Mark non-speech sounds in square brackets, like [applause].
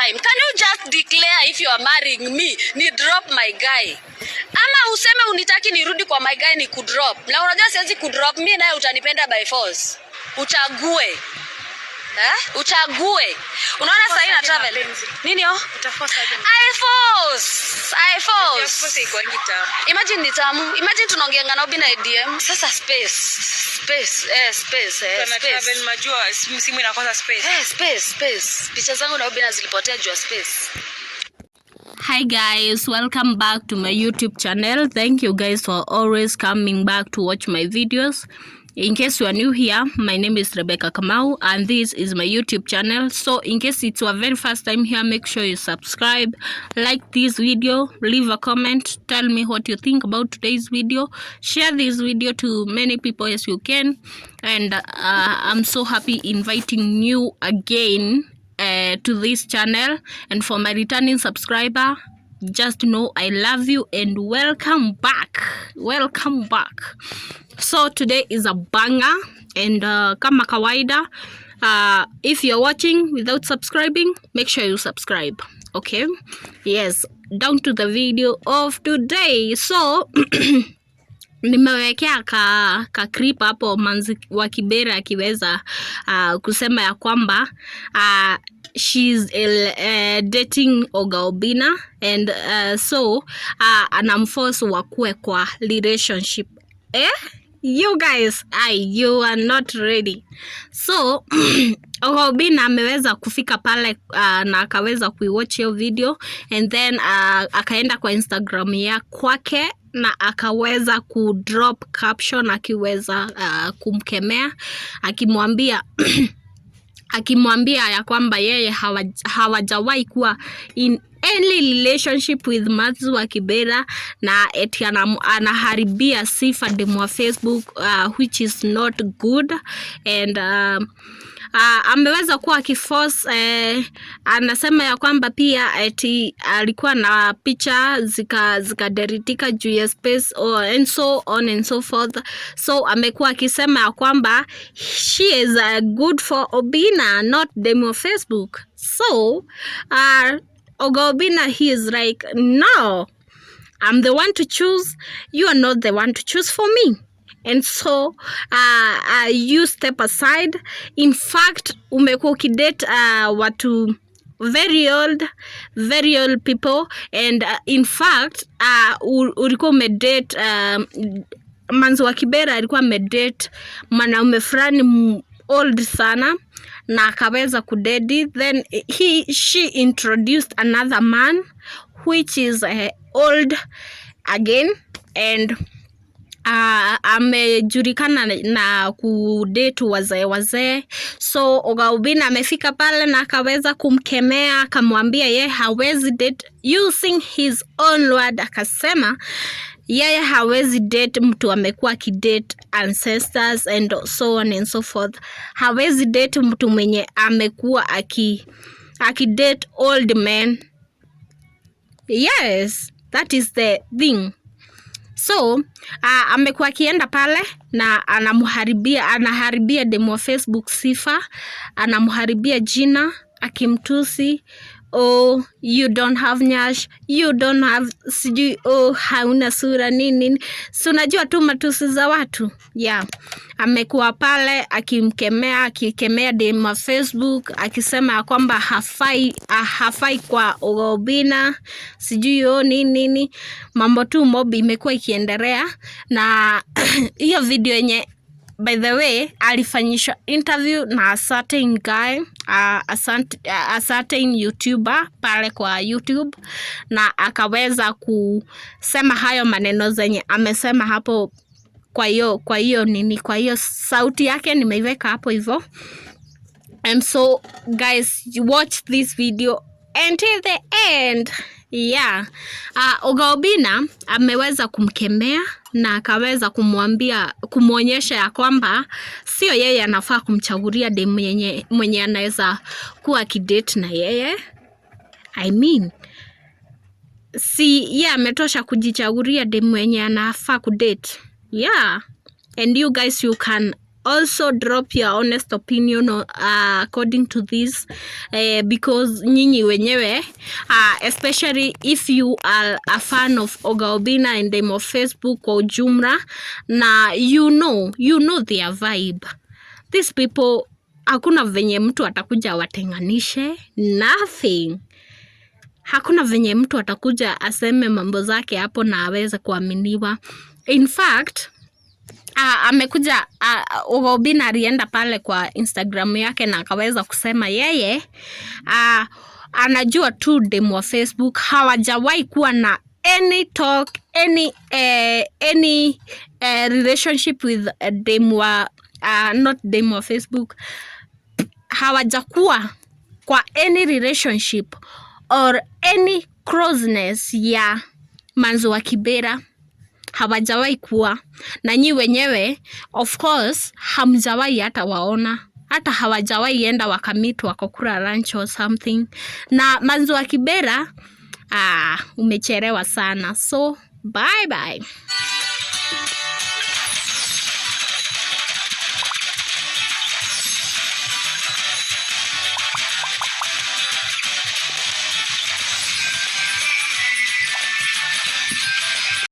time. Can you just declare if you are marrying me, ni drop my guy. Ama useme unitaki nirudi kwa my guy ni kudrop. Na unajua siwezi kudrop, mimi naye utanipenda by force. Uchague. Eh? Uchague. Unaona sasa hivi na travel. Nini yo? Oh? I force. I force. Imagine ni tamu. Imagine tunaongeanga na Obina DM. Sasa space. Space. Eh, space. Eh, space. Travel majua simu inakosa space. Eh, space, space. Picha zangu na Obina zilipotea jua space. Hi guys, welcome back to my YouTube channel. Thank you guys for always coming back to watch my videos. In case you are new here, my name is Rebecca Kamau and this is my YouTube channel. So in case it's your very first time here, make sure you subscribe, like this video, leave a comment, tell me what you think about today's video, share this video to many people as you can and uh, I'm so happy inviting you again uh, to this channel and for my returning subscriber just know I love you and welcome back. Welcome back. So today is a banger and uh, kama kawaida uh, if you're watching without subscribing, make sure you subscribe. Okay? Yes, down to the video of today. So [clears throat] nimewekea ka, ka clip hapo manzi wa Kibera akiweza uh, kusema ya kwamba uh, she's uh, dating Ogaobina and uh, so uh, ah, anamforce wakuwe kwa relationship eh? You guys i you are not ready. So [clears throat] ogaobina ameweza kufika pale uh, na akaweza kuiwatch hiyo video and then uh, akaenda kwa Instagram ya kwake na akaweza kudrop caption akiweza uh, kumkemea akimwambia [clears throat] akimwambia ya kwamba yeye hawajawahi kuwa in any relationship with Mathew wa Kibera na eti anaharibia sifa demu wa Facebook uh, which is not good and uh, uh, ameweza kuwa kiforce eh, anasema ya kwamba pia eti alikuwa na picha zikaderitika juu ya space or, oh, and so on and so forth. So amekuwa akisema ya kwamba she is uh, good for Obina not demo Facebook. So uh, ah, Ogobina he is like no I'm the one to choose you are not the one to choose for me and so uh, uh, you step aside in fact umekuwa ukidate uh, watu very old very old people and uh, in fact uh, ulikuwa umedate um, manzi wa kibera alikuwa amedate mwanaume fulani old sana na akaweza kudedi then he, she introduced another man which is uh, old again and amejulikana na kudetu wazee wazee, so Ogaubina amefika pale na akaweza kumkemea, akamwambia ye hawezi date using his own word, akasema yeye hawezi date mtu amekuwa akidate ancestors and so on and so forth. Hawezi date mtu mwenye amekuwa aki akidate old men. Yes, that is the thing. So uh, amekuwa akienda pale na anamharibia, anaharibia demu wa Facebook sifa, anamharibia jina, akimtusi oh, you don't have nyash, you don't have sijui oh, hauna sura nini, si unajua tu matusi za watu yeah. Amekuwa pale akimkemea akikemea dem wa Facebook akisema ya kwamba hafai, ah, hafai kwa Obina sijui o oh, nini nini, mambo tu mobi imekuwa ikiendelea na [clears throat] hiyo video yenye by the way alifanyishwa interview na a certain guy a, a certain youtuber pale kwa YouTube na akaweza kusema hayo maneno zenye amesema hapo. Kwa hiyo kwa hiyo nini, kwa hiyo sauti yake nimeiweka hapo hivyo. And so guys, watch this video until the end. Yeah. Uh, Oga Obinna ameweza kumkemea na akaweza kumwambia kumwonyesha ya kwamba sio yeye anafaa kumchagulia dem mwenye, mwenye anaweza kuwa kidate na yeye. I mean, si yeye yeah, ametosha kujichagulia de mwenye anafaa kudate. Yeah. And you guys you can also drop your honest opinion uh, according to this uh, because nyinyi wenyewe uh, especially if you are a fan of Ogaobina and them of Facebook kwa ujumla na you know, you know their vibe these people hakuna venye mtu atakuja watenganishe nothing hakuna venye mtu atakuja aseme mambo zake hapo na aweze kuaminiwa in fact Ah, amekuja ah, uh, Obina alienda pale kwa Instagram yake na akaweza kusema yeye uh, anajua tu dem wa Facebook hawajawahi kuwa na any talk any uh, any uh, relationship with dem wa uh, not dem wa Facebook hawajakuwa kwa any relationship or any closeness ya Manzo wa Kibera hawajawahi kuwa na nyi wenyewe, of course hamjawahi hata waona hata hawajawahi enda wakamit wakokula ranch or something. Na wa Kibera, ah, umecherewa sana, so bye bye.